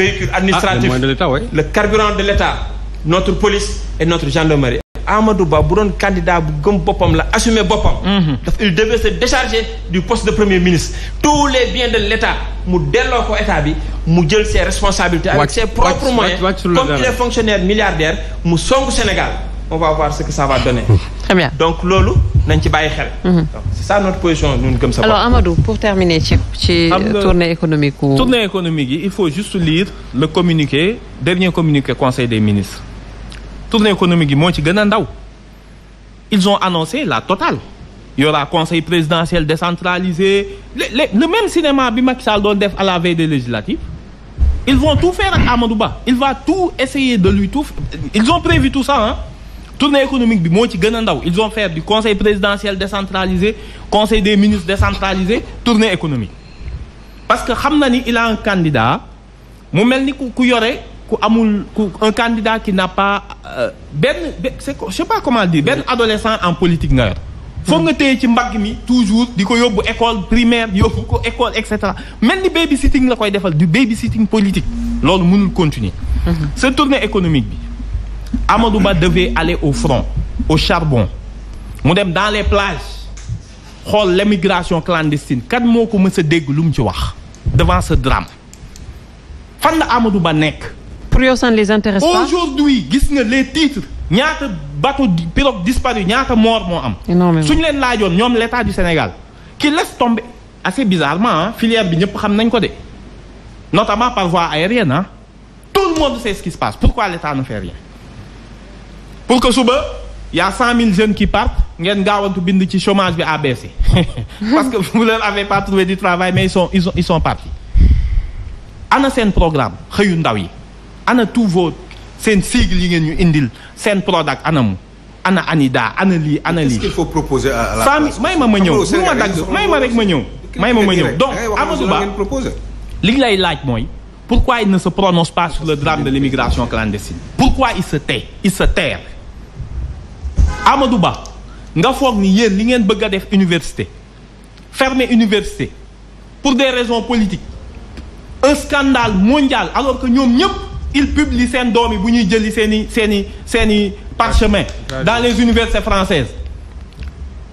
véhicule administratif ah, le carburant de l'État notre police et notre gendarmerie Amadou Ba bu doon candidat bu gëm boppam la assumer boppam mhm. daf il devait se décharger du poste de premier ministre tous les biens de l'État mu delloo ko état bi mu jël ses responsabilités avec ses propres moyens comme il est fonctionnaire milliardaire mu songu Sénégal on que ça va donner. très bien loolu nañ ci bàyyi xel. Mhm. donc c'est ça sa bopp. alors Amadou pour terminer ci ci tournée économique ou... tournée économique il faut juste lire le communiqué dernier communiqué conseil des ministres tournée économique yi moo ci gën a ndaw ils ont annoncé la totale. y aura conseil présidentiel décentralisé le, le, le même cinéma bi Macky Sall doon à la veille des législatives ils vont tout faire Amadou Ba il va tout essayer de lui tout ils ont prévu tout ça tournée économique bi moo ci gën a ndaw ils vont faire du conseil présidentiel décentralisé conseil des ministres décentralisé tournée économique parce que xam na ni il a un candidat mu mel ni ku ku yore ku amul ku un candidat qui n'a pas euh, benn c'est je sais pas comment dire benn adolescent en politique nga yor foog nga téye ci mbagg mi toujours di ko yóbbu école primaire di yóbbu ko école et cetera mel ni baby sitting la koy defal du baby sitting politique loolu mënul continuer mhm. sa économique bi Amadou Ba devait aller au front au charbon mu dem dans les plages xool l'émigration clandestine kat moo ko mës a dégg lu mu ci wax devant ce drame fan na Amadou Ba nekk. pour yow ça ne les intéresse aujourd'hui gis nga les titres ñaata bateau pirogue disparu ñaata mort moo am. ñu leen laajoon ñoom l'état du Sénégal qui laisse tomber assez bizarrement filière bi ñëpp xam nañ ko de notamment par voie aérienne ah tout le monde sait ce qui se passe pourquoi l'état pour que suba ya a cent mille jeunes qui partent ngeen gaawantu bind ci chômage bi à baissé parce que vous leur avez pas trouvé du travail mais ils son ils ana seen programme xëyu ndaw yi ana tous vos seen sigle yi ngeen ñu indil seen Prodac anamu ana Anida ana lii ana lii. est-ce qu'il faut proposer à la may ma ma ñëw bu ma dagg may ma rek ma ñëw. may ma ma donc eh, Amadou Ba li lay laaj mooy. pourquoi il ne se prononce pas sur le drame de l'immigration clandestine pourquoi il se tait il se terre Amadou Ba nga foog ni yéen li ngeen bëgg a def université fermer université pour des raisons politiques un scandale mondial alors que ñoom ñëpp ils publient seen doom yi bu ñuy jëli seen i seen i seen i parchemin dans les universités françaises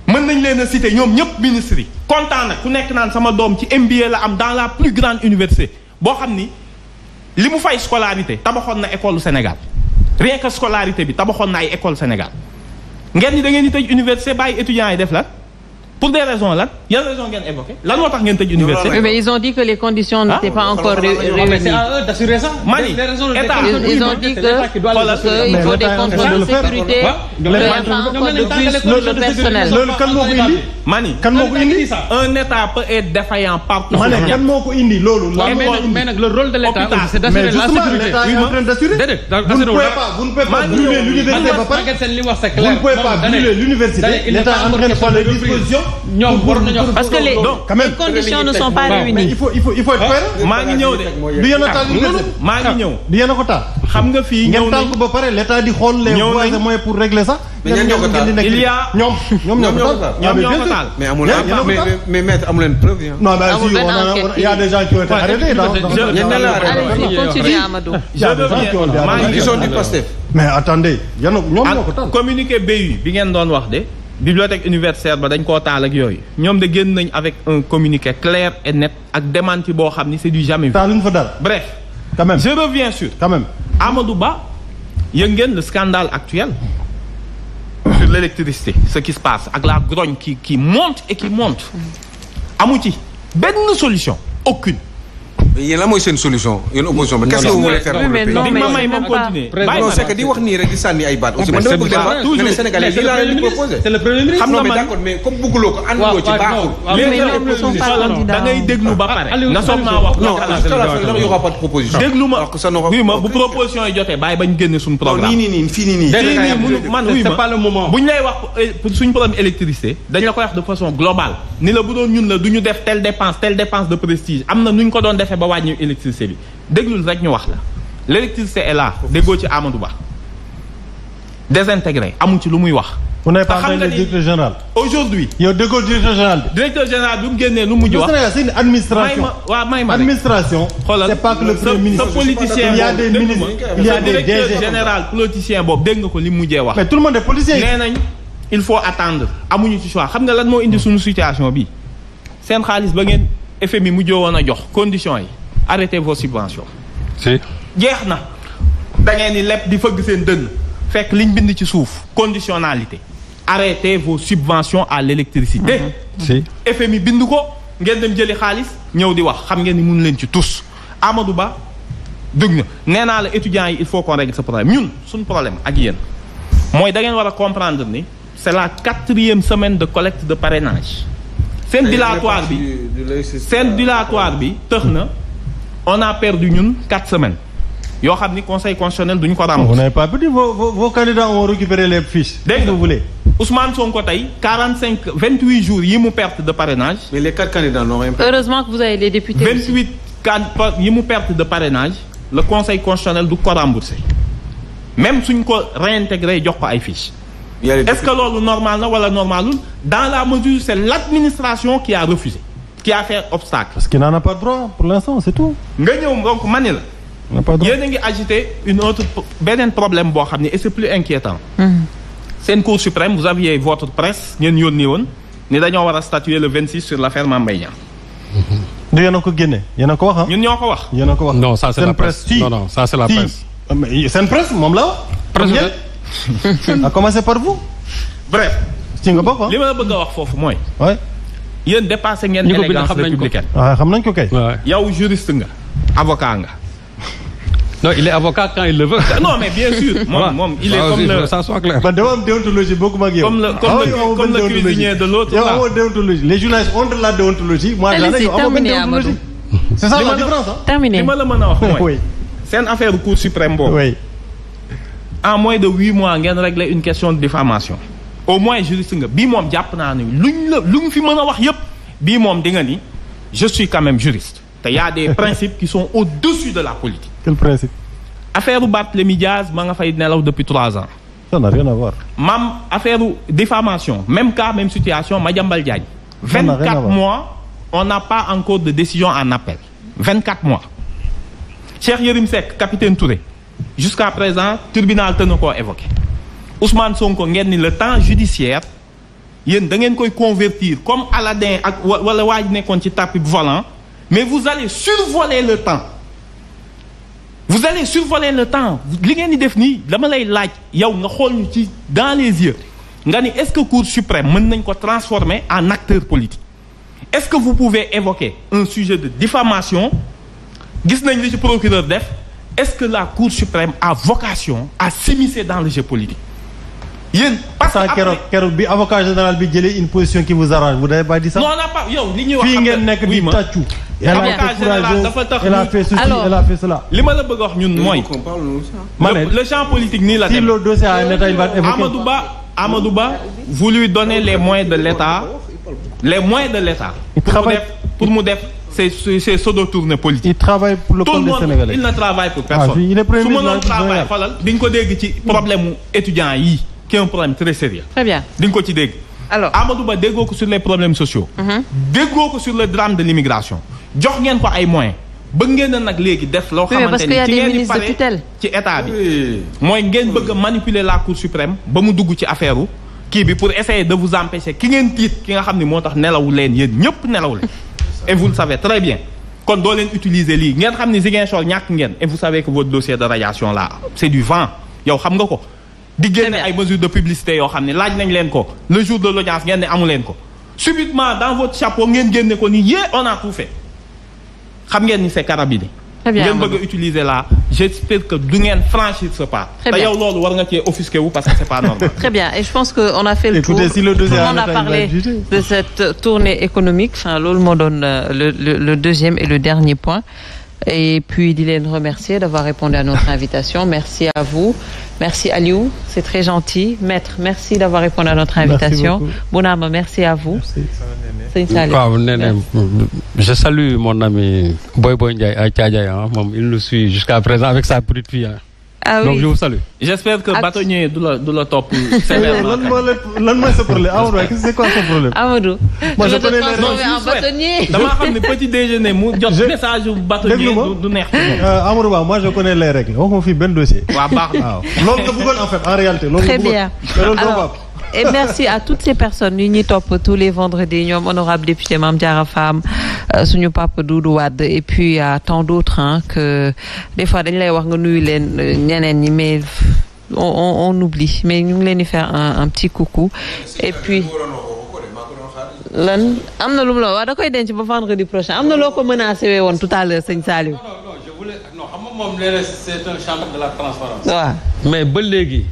mën nañ leen a citer ñoom ñëpp ministres yi kontaan ku nekk naan sama doom ci MBA la am dans la plus grande université boo xam ni li mu fay scolarité tabaxoon na école Sénégal rien que scolarité bi tabaxoon na ay école Sénégal ngeen ni da ngeen di tëj université bàyyi étudiants yi def la pour des raisons la yan raison ngeen évoqué lan moo tax ngeen tëj université. mais ils ont dit que les conditions n'étaient pas encore réunies. c'est à eux d'assurer ça. Mani état ils ont dit que il faut des contrôles de sécurité. le personnel. loolu kan moo ko indi. Mani kan moo ko indi. un état peut être défaillant partout. ma ne kan moo ko indi loolu. lan moo indi mais nag le rôle de l'état c'est d'assurer la sécurité. oui ma déedéet. vous ne pouvez pas vous ne pouvez pas brûler l'université ba pare. vous ne pouvez pas brûler l'université. l'état en train de prendre des dispositions. parce que les les conditions ne sont pas réunies. il faut il faut il faut être cohérent. maa ngi ñëw de. du yéen a taal maa ngi ñëw. du yéen a ko taal. xam nga fii ñëw nañu ngeen taal ko ba pare l'état di xool les voies et moyens pour régler ça. ñoom ñoo ko taal il y a ñoom ñoom ñoo ko taal. ñoom ñoo ko taal mais amul mais mais maître amul leen preuve. non mais si on a y a des gens qui ont été arrêtés. ñenn la arrêté continue Amadou. je reviens maa ngi ils sont du Pastef. mais attendez yéen a ñoom ñoo ko taal. communiqué BU bi ngeen doon wax de. bibliothèque universitaire ba dañ koo taal ak yooyu ñoom de génn nañ avec un communiqué clair et net ak démenti boo xam ni c'est du jamais vu. taaluñ fa dara bref. quand même je reviens sur. quand même Amadou Ba yëg ngeen le scandale actuel sur l'électricité ce qui se passe ak la grogne qui qui monte et qui monte. amu ci benn solution aucune yéen lan mooy seen solution yéen opposition bi. qu'est-ce que vous voulez faire pour le pays non mais non non c'est que di wax nii rek di sànni ay baat ba pare. nga soog maa wax. de proposition. déglu ma oui ma bu proposition yi jotee bàyyi bañ génne suñu programme. nii nii lay wax eh, suñu problème électricité dañ la koy wax de façon globale ni la bu doon ñun la duñu def telle dépense telle dépense de prestige am na nuñ ko doon defee ba ba wàññi électricité bi déglul rek ñu wax la l' électricité est là déggoo ci Amadou Ba désintégré amul ci lu muy wax. ku ne pas le directeur général. aujourd'hui yow déggoo directeur général bi. lu mujj wax. c'est une administration waaw may ma administration. xoolal c'est sa politicien boobu dégg nga ko li mujjee wax. mais tout le monde est politicien. nee nañ il faut attendre amuñu ci choix xam nga lan moo indi suñu situation bi seen xaalis ba ngeen FMI mujjee woon a jox condition yi. arrêtez vos subvention jeex na da ngeen di leb di fëgg seen dënn fekk liñ bind ci suuf conditionnalité arrêtez vos subvention à l'électricité. Mm-hmm. si FMI bind ko ngeen dem jëli xaalis ñëw di wax xam ngeen ni mun leen ci tous Amadou Ba dëgg na nee naa la étudiants yi il faut qu'on règle ce problème ñun suñu ak yéen mooy da ngeen war a comprendre ni c'est la quatrième semaine de collecte de parrainage. seen dilatoire bi seen euh, dilatoire bi tëx na. on a perdu ñun quatre semaines yoo xam ni conseil constitutionnel duñu ko rembourser. vous n'avez pas dit vos vos vos tey cinq vingt huit jours yi mu perte de parrainage. mais les quatre candidats n'ont rien perdu. heureusement que vous avez les députés. yi mu perte de parrainage le conseil constitutionnel du ko remboursé même suñ ko réintégré jox ko ay fiche est-ce que loolu normal na wala normalul dans la mesure c'est l'administration qui a refusé. qui a fait obstacle. parce qu'il n'en a pas droit pour l'instant c'est nga ñëw donc ma la. yéen a ngi agité une autre beneen problème boo xam ne et c'est plus inquiétant. Mhm. seen cour suprême vous aviez votre presse ngeen yónni woon ni dañoo war a statuer le 26 sur l'affaire Mame Mbaye Niang. du yéen a ko génne yéen a ko wax ñun ñoo ko wax. yéen a ko wax non ça c'est la presse non non ça c'est la euh, presse. moom la wax. presse a commencé par vous. bref. ci nga bokk a wax foofu mooy. yéen dépassé ngeen élégance républicaine waaw ah, xam nañ ko kay. yow juriste nga avocat nga. non il est avocat quand il le veut. non mais bien sûr. moom il est comme le am déontologie bokkuma ak yow. comme le ah, cuisinier de l'autre yow déontologie les journalistes ont la déontologie. moi j' en ai la différence a wax mooy. seen affaire cour suprême boobu. oui. en moins de huit mois ngeen régler une question de diffamation au moins juriste nga bii moom jàpp naa ne luñ la luñ fi mën a wax yépp bii moom di nga ni je suis quand même juriste te y a des principes qui sont au-dessus de la politique. quel principe. affaire u Barthélémy Diaz ma nga fay nelaw depuis trois ans. ça n'a rien à voir. maam affaire même cas même situation ma Diagne. ça n'a rien mois on n'a pas encore de décision en appel. 24 mois. Cheikh Yérim Seck capitaine Touré jusqu'à présent tribunal te na ko évoqué. Ousmane Sonko ngeen ni le temps judiciaire yéen da ngeen koy convertir comme Aladdin ak wala waa ji nekkoon ci tapis volant mais vous allez survoler le temps vous allez survoler le temps li ngeen di def nii dama lay laaj yow nga xool ñu ci dans les yeux nga ni est-ce que Cour suprême mën nañ ko transformer en acteur politique est-ce que vous pouvez évoquer un sujet de diffamation gis nañ li ci procureur def est-ce que la Cour suprême a vocation à s'immiscer dans le jeu politique yéen que keroog keroog bi avocat général bi jëlee une position qui vous arrange vous n'avez pas dit ça. non non pas yow oh. elle a fait ceci cela. li ma la bëgg wax ñun mooy. ma ne le champ politique nii la. si le Ba Amadou vous lui donnez les moyens de l'État les moyens de l'État. pour mu pour mu def ses ses pseudo-tournées politiques. il travaille pour le peuple ah, ko dégg ci problème mu étudiants qui est un problème très sérieux très bien di nga ko ci dégg. alors Amadou Ba déggoo ko sur les problèmes sociaux. Mhm. déggoo ko sur le drame de l'immigration jox ngeen ko ay moyen bëgg ngeen nag léegi def loo xamante ni ci ngeen di pare ci état bi mooy ngeen bëgg a la cour suprême ba mu dugg ci affaire kii bi pour essayer de vous empêcher ki ngeen tiit ki nga xam ne moo tax nelawu leen yéen ñëpp nelaw leen et vous le savez très bien kon doo leen utiliser lii ngeen xam ne Ziguinchor ñàkk ngeen et vous savez que votre dossier de radiation là xam nga ko di génne ay mesures de publicité yoo xam ne laaj nañ leen ko le jour de l'audience ngeen amu leen ko subitement dans votre o ngeen génne ko ni yee on a tout fait xam ngeen ni c'est carabiné ngeen bëgg utiliser la j'espère que du ngeen franchir ce pas te yow war nga cee offusqué wu parce que très bien je pense que a fait le Écoutez, tour si le de cette tournée économique enfin moo doon euh, le, le, le deuxième et le dernier point et puis di leen remercier d'avoir répondu à notre invitation merci à vous merci Aliou c'est très gentil maître merci d'avoir répondu à notre invitation Bounama merci à vous je salue mon ami Boy à Thiadiaye ah, moom il nous suit jusqu'à présent avec sa petite ah. ah oui donc je vous salue. j'espère que ah. bâtonnier du la du la topp. Euh, sévèrement lan moo la lan mooy sa problème Amadou waaye c'est quoi son problème. Amadou. moi je connais les règles dama xam ne petit déjeuner mu jot message bu bâtonnier du neex. Euh, Amadou Ba moi je connais les règles waxuma fi benn dossier. waaw baax na waaw loolu nga bëggoon en fait en réalité. loolu nga bëggoon très bien alors. et merci à toutes ces personnes yu ñuy topp tous les vendredis ñoom honorable député Mame Diarra Fam euh, suñu papa Doudou Wade et puis à tant d'autres hein, que des fois dañ lay wax nga nuyu leen euh, ñeneen ñi mais on on, on oublie mais ñu ngi leen di faire un, un petit coucou et puis lan am na lu mu la wax da koy denc ba vendredi prochain am na loo ko menacé wee woon tout à l'heure sëñ Saliou. non non ba léegi.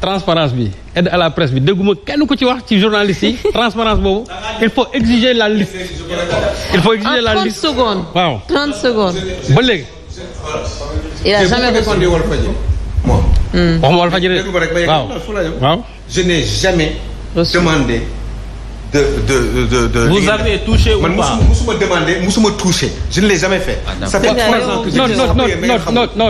transparence bi aide à la presse bi dégguma kenn ku ci wax ci journaliste yi transparence boobu il faut exiger la liste il faut exiger la liste en 30 secondes waaw ba léegi il a jamais répondu Walfadjri moi hmm. waxuma Walfadjri waaw waaw je n'ai jamais demandé de de de de. vous avez touché ou pas man